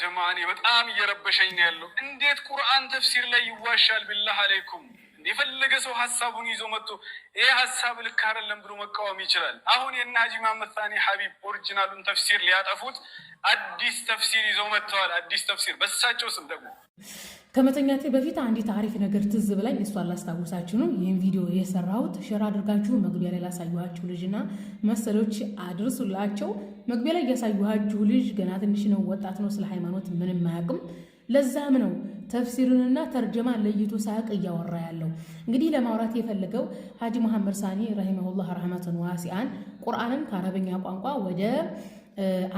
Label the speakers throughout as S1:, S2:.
S1: ያ እኔ በጣም እየረበሸኝ ነው ያለው። እንዴት ቁርአን ተፍሲር ላይ ይዋሻል? ቢላህ አለይኩም የፈለገ ሰው ሀሳቡን ይዞ መጥቶ ይህ ሀሳብ ልክ አይደለም ብሎ መቃወም ይችላል። አሁን የእነ ሀጂ መሐመድ ሳኒ ሀቢብ ኦሪጂናሉን ተፍሲር ሊያጠፉት አዲስ ተፍሲር ይዘው መጥተዋል። አዲስ ተፍሲር በሳቸው ስም ደግሞ
S2: ከመተኛቴ በፊት አንዲት አሪፍ ነገር ትዝ ብላኝ እሷን ላስታውሳችሁ ነው ይህን ቪዲዮ የሰራሁት። ሼር አድርጋችሁ መግቢያ ላይ ላሳዩኋችሁ ልጅና መሰሎች አድርሱላቸው። መግቢያ ላይ ያሳዩኋችሁ ልጅ ገና ትንሽ ነው፣ ወጣት ነው፣ ስለ ሃይማኖት ምንም አያውቅም። ለዛም ነው ተፍሲርንና ተርጀማን ለይቶ ሳያቅ እያወራ ያለው። እንግዲህ ለማውራት የፈለገው ሀጂ መሐመድ ሳኒ ረሂመሁላህ ረህመትን ዋሲአን ቁርአንን ከአረበኛ ቋንቋ ወደ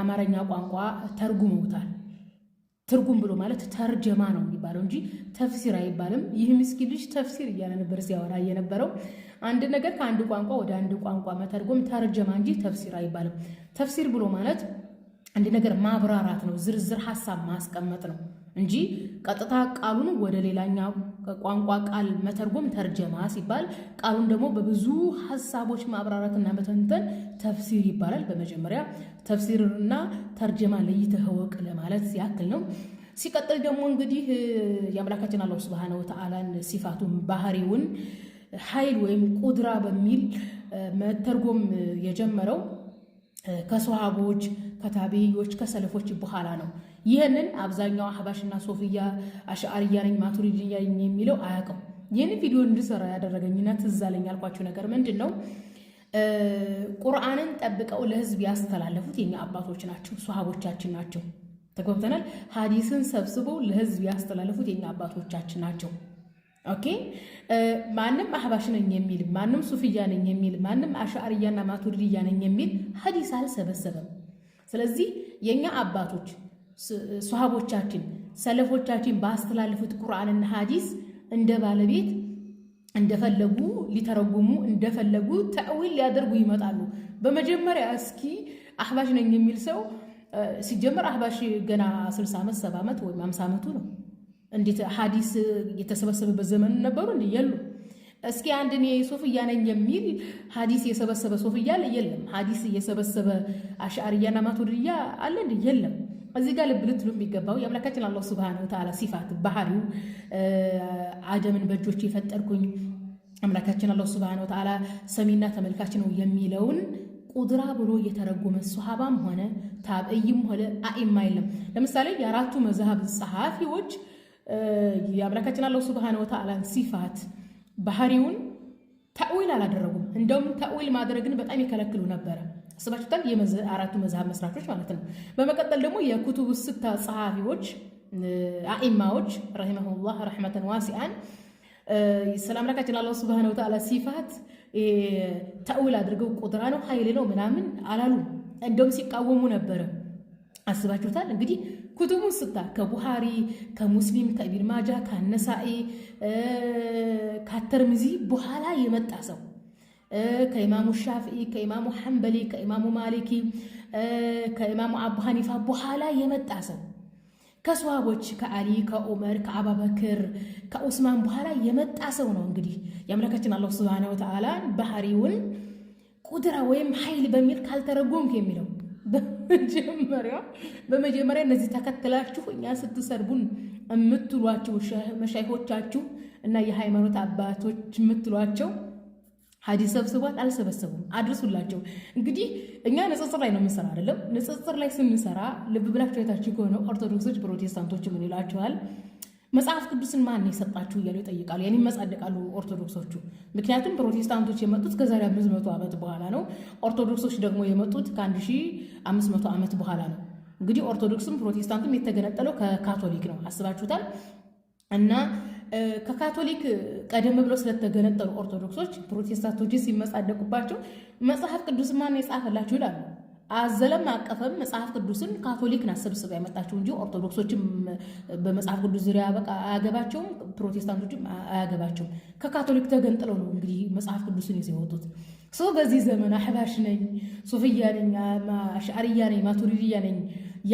S2: አማርኛ ቋንቋ ተርጉመውታል። ትርጉም ብሎ ማለት ተርጀማ ነው የሚባለው እንጂ ተፍሲር አይባልም። ይህ ምስኪን ልጅ ተፍሲር እያለ ነበር ሲያወራ የነበረው። አንድ ነገር ከአንድ ቋንቋ ወደ አንድ ቋንቋ መተርጎም ተርጀማ እንጂ ተፍሲር አይባልም። ተፍሲር ብሎ ማለት አንድ ነገር ማብራራት ነው፣ ዝርዝር ሀሳብ ማስቀመጥ ነው እንጂ ቀጥታ ቃሉን ወደ ሌላኛው ቋንቋ ቃል መተርጎም ተርጀማ ሲባል ቃሉን ደግሞ በብዙ ሀሳቦች ማብራራትና መተንተን ተፍሲር ይባላል። በመጀመሪያ ተፍሲርና ተርጀማ ለይተህ እወቅ ለማለት ያክል ነው። ሲቀጥል ደግሞ እንግዲህ የአምላካችን አላሁ ሱብሃነሁ ወተዓላን ሲፋቱን ባህሪውን ኃይል ወይም ቁድራ በሚል መተርጎም የጀመረው ከሶሃቦች ከታቢዮች ከሰለፎች በኋላ ነው። ይህንን አብዛኛው አህባሽና ሶፍያ አሽአርያ ነኝ ማቱሪድያ ነኝ የሚለው አያውቅም። ይህን ቪዲዮ እንድሰራ ያደረገኝና ትዝ አለኝ ያልኳቸው ነገር ምንድን ነው? ቁርአንን ጠብቀው ለህዝብ ያስተላለፉት የኛ አባቶች ናቸው፣ ሶሃቦቻችን ናቸው። ተግባብተናል። ሀዲስን ሰብስበው ለህዝብ ያስተላለፉት የኛ አባቶቻችን ናቸው። ኦኬ ማንም አህባሽ ነኝ የሚል ማንም ሱፍያ ነኝ የሚል ማንም አሻዕርያና ማቱሪድያ ነኝ የሚል ሀዲስ አልሰበሰበም። ስለዚህ የእኛ አባቶች ሶሃቦቻችን፣ ሰለፎቻችን ባስተላለፉት ቁርአንና ሀዲስ እንደ ባለቤት እንደፈለጉ ሊተረጉሙ እንደፈለጉ ተዕዊል ሊያደርጉ ይመጣሉ። በመጀመሪያ እስኪ አህባሽ ነኝ የሚል ሰው ሲጀመር አህባሽ ገና 60 ዓመት 70 ዓመት ወይም 50 ዓመቱ ነው እንዴት ሀዲስ የተሰበሰበበት ዘመን ነበሩ እንዲ የሉ። እስኪ አንድ እኔ ሶፍያ ነኝ የሚል ሀዲስ የሰበሰበ ሶፍያ አለ? የለም። ሀዲስ የሰበሰበ አሻርያና ማቱሪድያ አለ እንዲ? የለም። እዚህ ጋር ልብ ልትሉ የሚገባው የአምላካችን አላሁ ስብሃነ ወተዓላ ሲፋት ባህሪው አደምን በእጆች የፈጠርኩኝ አምላካችን አላሁ ስብሃነ ወተዓላ ሰሚና ተመልካች ነው የሚለውን ቁድራ ብሎ የተረጎመ ሶሃባም ሆነ ታብዕይም ሆነ አኢማ የለም። ለምሳሌ የአራቱ መዛሀብ ጸሐፊዎች የአምላካችን አላሁ ስብሃነ ወተዓላን ሲፋት ባህሪውን ተዊል አላደረጉም። እንደውም ተዊል ማድረግን በጣም ይከለክሉ ነበረ። አስባችሁታል? አራቱ መዝሃብ መስራቾች ማለት ነው። በመቀጠል ደግሞ የኩቱቡ ስታ ጸሐፊዎች አኢማዎች ረሂመሁላህ ረሕመተን ዋሲአን ስለ አምላካችን አላሁ ስብሃነ ወተዓላ ሲፋት ተዊል አድርገው ቁድራ ነው ኃይል ነው ምናምን አላሉ። እንደውም ሲቃወሙ ነበረ አስባችሁታል እንግዲህ ኩቱቡን ስታ ከቡሃሪ ከሙስሊም ከኢብን ማጃ ከነሳኤ ካተርምዚ በኋላ የመጣ ሰው ከኢማሙ ሻፍዒ ከኢማሙ ሐንበሊ ከኢማሙ ማሊኪ ከኢማሙ አቡ ሐኒፋ በኋላ የመጣ ሰው ከሰዋቦች ከአሊ ከዑመር ከአባበክር ከዑስማን በኋላ የመጣ ሰው ነው። እንግዲህ የአምላካችን አላሁ ስብሓነሁ ወተዓላ ባህሪውን ቁድራ ወይም ኃይል በሚል ካልተረጎምክ የሚለው መጀመሪያ በመጀመሪያ እነዚህ ተከትላችሁ እኛ ስትሰርቡን የምትሏቸው መሻይሆቻችሁ እና የሃይማኖት አባቶች የምትሏቸው ሀዲስ ሰብስቧት አልሰበሰቡም፣ አድርሱላቸው። እንግዲህ እኛ ንጽጽር ላይ ነው የምንሰራ አይደለም። ንጽጽር ላይ ስንሰራ ልብ ብላችሁ የታችሁ ከሆነ ኦርቶዶክሶች፣ ፕሮቴስታንቶች ምን ይላችኋል? መጽሐፍ ቅዱስን ማን የሰጣችሁ እያሉ ይጠይቃሉ። ያን ይመጻደቃሉ ኦርቶዶክሶቹ። ምክንያቱም ፕሮቴስታንቶች የመጡት ከዛሬ መቶ ዓመት በኋላ ነው። ኦርቶዶክሶች ደግሞ የመጡት ከ1500 ዓመት በኋላ ነው። እንግዲህ ኦርቶዶክስም ፕሮቴስታንቱም የተገነጠለው ከካቶሊክ ነው። አስባችሁታል? እና ከካቶሊክ ቀደም ብሎ ስለተገነጠሉ ኦርቶዶክሶች ፕሮቴስታንቶች ሲመጻደቁባቸው መጽሐፍ ቅዱስ ማን የጻፈላችሁ ይላሉ። አዘለም አቀፈም መጽሐፍ ቅዱስን ካቶሊክ ናት ሰብስባ ያመጣቸው እንጂ ኦርቶዶክሶችም በመጽሐፍ ቅዱስ ዙሪያ በቃ አያገባቸውም፣ ፕሮቴስታንቶችም አያገባቸውም። ከካቶሊክ ተገንጥለው ነው እንግዲህ መጽሐፍ ቅዱስን ይዘው የወጡት። ሰው በዚህ ዘመን አህባሽ ነኝ፣ ሱፍያ ነኝ፣ አሽዓርያ ነኝ፣ ማቱሪድያ ነኝ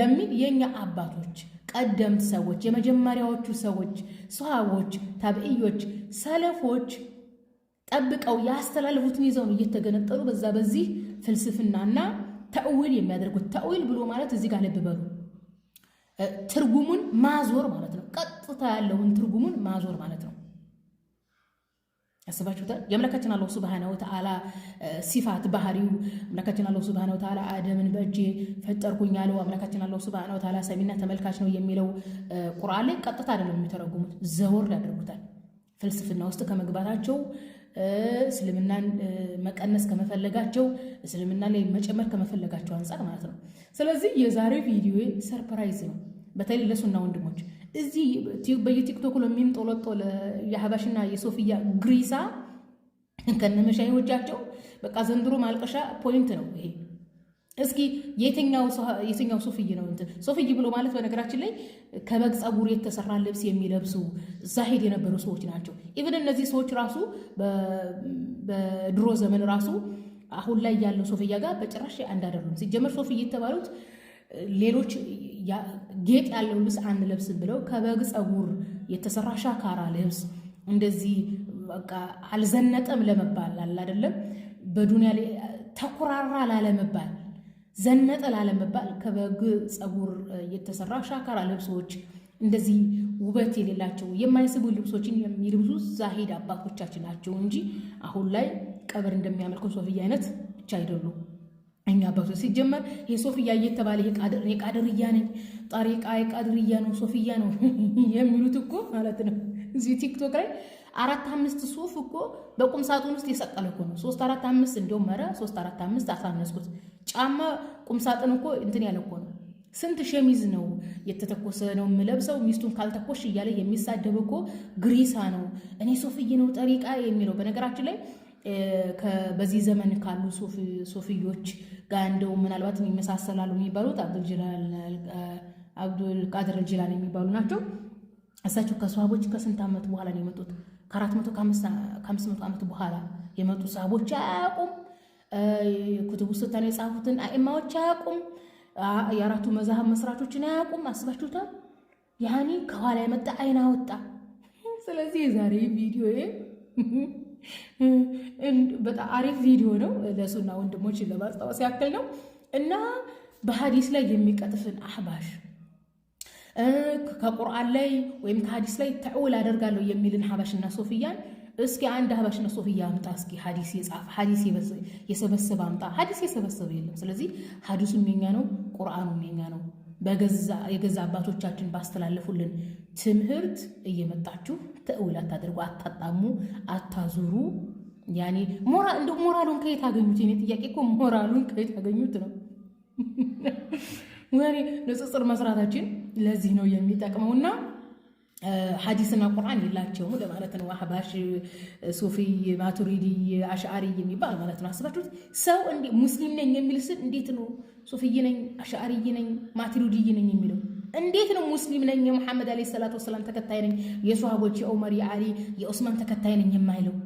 S2: የሚል የእኛ አባቶች ቀደምት ሰዎች፣ የመጀመሪያዎቹ ሰዎች፣ ሰሃቦች፣ ታብዕዮች፣ ሰለፎች ጠብቀው ያስተላልፉትን ይዘው ነው እየተገነጠሉ በዛ በዚህ ፍልስፍናና ተእዊል የሚያደርጉት ተእዊል ብሎ ማለት እዚህ ጋር ልብ በሉ ትርጉሙን ማዞር ማለት ነው። ቀጥታ ያለውን ትርጉሙን ማዞር ማለት ነው። ያስባችሁታል። የአምላካችን አላሁ ስብሓነ ወተዓላ ሲፋት ባህሪው አምላካችን አላሁ ስብሓነ ወተዓላ አደምን በእጄ ፈጠርኩኝ ያለው አምላካችን አላሁ ስብሓነ ወተዓላ ሰሚና ተመልካች ነው የሚለው ቁርአን ላይ ቀጥታ አይደለም የሚተረጉሙት፣ ዘወር ያደርጉታል። ፍልስፍና ውስጥ ከመግባታቸው እስልምናን መቀነስ ከመፈለጋቸው እስልምና ላይ መጨመር ከመፈለጋቸው አንጻር ማለት ነው። ስለዚህ የዛሬው ቪዲዮ ሰርፕራይዝ ነው። በተለይ ለሱና ወንድሞች እዚህ በየቲክቶክ ለሚንጦለጦለ የሀባሽና የሶፊያ ግሪሳ ከነመሻይዎቻቸው በቃ ዘንድሮ ማልቀሻ ፖይንት ነው ይሄ። እስኪ የትኛው ሱፍይ ነው? እንትን ሱፍይ ብሎ ማለት በነገራችን ላይ ከበግ ፀጉር የተሰራ ልብስ የሚለብሱ ዛሂድ የነበሩ ሰዎች ናቸው። ኢቨን እነዚህ ሰዎች ራሱ በድሮ ዘመን ራሱ አሁን ላይ ያለው ሱፍያ ጋር በጭራሽ አንድ አይደሉም። ሲጀመር ሱፍይ የተባሉት ሌሎች ጌጥ ያለው ልብስ አንለብስም ብለው ከበግ ፀጉር የተሰራ ሻካራ ልብስ እንደዚህ በቃ አልዘነጠም ለመባል አለ አይደለም፣ በዱንያ ላይ ተኩራራ ላለመባል ዘነጠ ላለመባል ከበግ ፀጉር የተሰራ ሻካራ ልብሶች እንደዚህ ውበት የሌላቸው የማይስቡ ልብሶችን የሚልብሱ ዛሂድ አባቶቻችን ናቸው እንጂ አሁን ላይ ቀብር እንደሚያመልኩ ሶፍያ አይነት ብቻ አይደሉም። እኛ አባቶ ሲጀመር ይሄ ሶፍያ እየተባለ የቃድርያ ነኝ ጣሪቃ የቃድርያ ነው ሶፍያ ነው የሚሉት እኮ ማለት ነው እዚህ ቲክቶክ ላይ አራት አምስት ሱፍ እኮ በቁም ሳጥን ውስጥ የሰቀለ እኮ ነው። ሶስት አራት አምስት እንደውም መረ ሶስት አራት አምስት አሳነስኩት። ጫማ ቁም ሳጥን እኮ እንትን ያለ እኮ ነው። ስንት ሸሚዝ ነው የተተኮሰ ነው የምለብሰው፣ ሚስቱን ካልተኮሽ እያለ የሚሳደብ እኮ ግሪሳ ነው። እኔ ሱፍዬ ነው ጠሪቃ የሚለው በነገራችን ላይ በዚህ ዘመን ካሉ ሱፍዮች ጋር እንደው ምናልባት ይመሳሰላሉ የሚባሉት አብዱልቃድር ጅላን የሚባሉ ናቸው። እሳቸው ከሰሃቦች ከስንት ዓመት በኋላ ነው የመጡት? ከአራት መቶ ከአምስት መቶ ዓመት በኋላ የመጡ ሰሃቦች አያውቁም። ኩቱቡ ስታን የጻፉትን አእማዎች አያውቁም። የአራቱ መዛሀብ መስራቾችን አያውቁም። አስባችሁታል? ያኒ ከኋላ የመጣ አይን አወጣ። ስለዚህ የዛሬ ቪዲዮ በጣም አሪፍ ቪዲዮ ነው። ለሱና ወንድሞችን ለማስታወስ ያክል ነው እና በሀዲስ ላይ የሚቀጥፍን አህባሽ ከቁርአን ላይ ወይም ከሀዲስ ላይ ተዕውል አደርጋለሁ የሚልን ሀበሽና ሶፍያን እስኪ አንድ ሀበሽና ሶፍያ አምጣ፣ እስኪ ሀዲስ የጻፈ ሀዲስ የሰበሰበ አምጣ። ሀዲስ የሰበሰበ የለም። ስለዚህ ሀዲሱም የኛ ነው፣ ቁርአኑም የኛ ነው። የገዛ አባቶቻችን ባስተላለፉልን ትምህርት እየመጣችሁ ተዕውል አታደርጉ፣ አታጣሙ፣ አታዙሩ። እንደ ሞራሉን ከየት አገኙት? የኔ ጥያቄ እኮ ሞራሉን ከየት አገኙት ነው። ንጽጽር መስራታችን ለዚህ ነው የሚጠቅመውና ሐዲስና ቁርአን የላቸውም ለማለት ነው። አህባሽ፣ ሱፊ፣ ማቱሪዲ፣ አሽዓሪ የሚባል ማለት ነው። አስባችሁት ሰው ሙስሊም ነኝ የሚል ስል እንዴት ነው ሱፊይ ነኝ፣ አሽዓሪይ ነኝ፣ ማቱሪዲይ ነኝ የሚለው? እንዴት ነው ሙስሊም ነኝ የሙሐመድ ዓለይሂ ሰላቱ ወሰላም ተከታይ ነኝ፣ የሷሃቦች የዑመር የአሊ የዑስማን ተከታይ ነኝ የማይለው?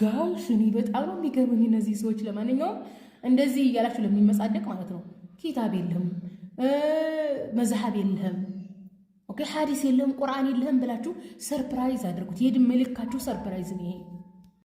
S2: ጋሽ እኔ በጣም ነው የሚገርመኝ እነዚህ ሰዎች። ለማንኛውም እንደዚህ እያላችሁ ለሚመጻደቅ ማለት ነው ኪታብ የለም መዝሀብ የለህም ኦኬ ሀዲስ የለህም ቁርአን የለህም ብላችሁ ሰርፕራይዝ አድርጉት። የድመ ልካችሁ ሰርፕራይዝ ነው ይሄ።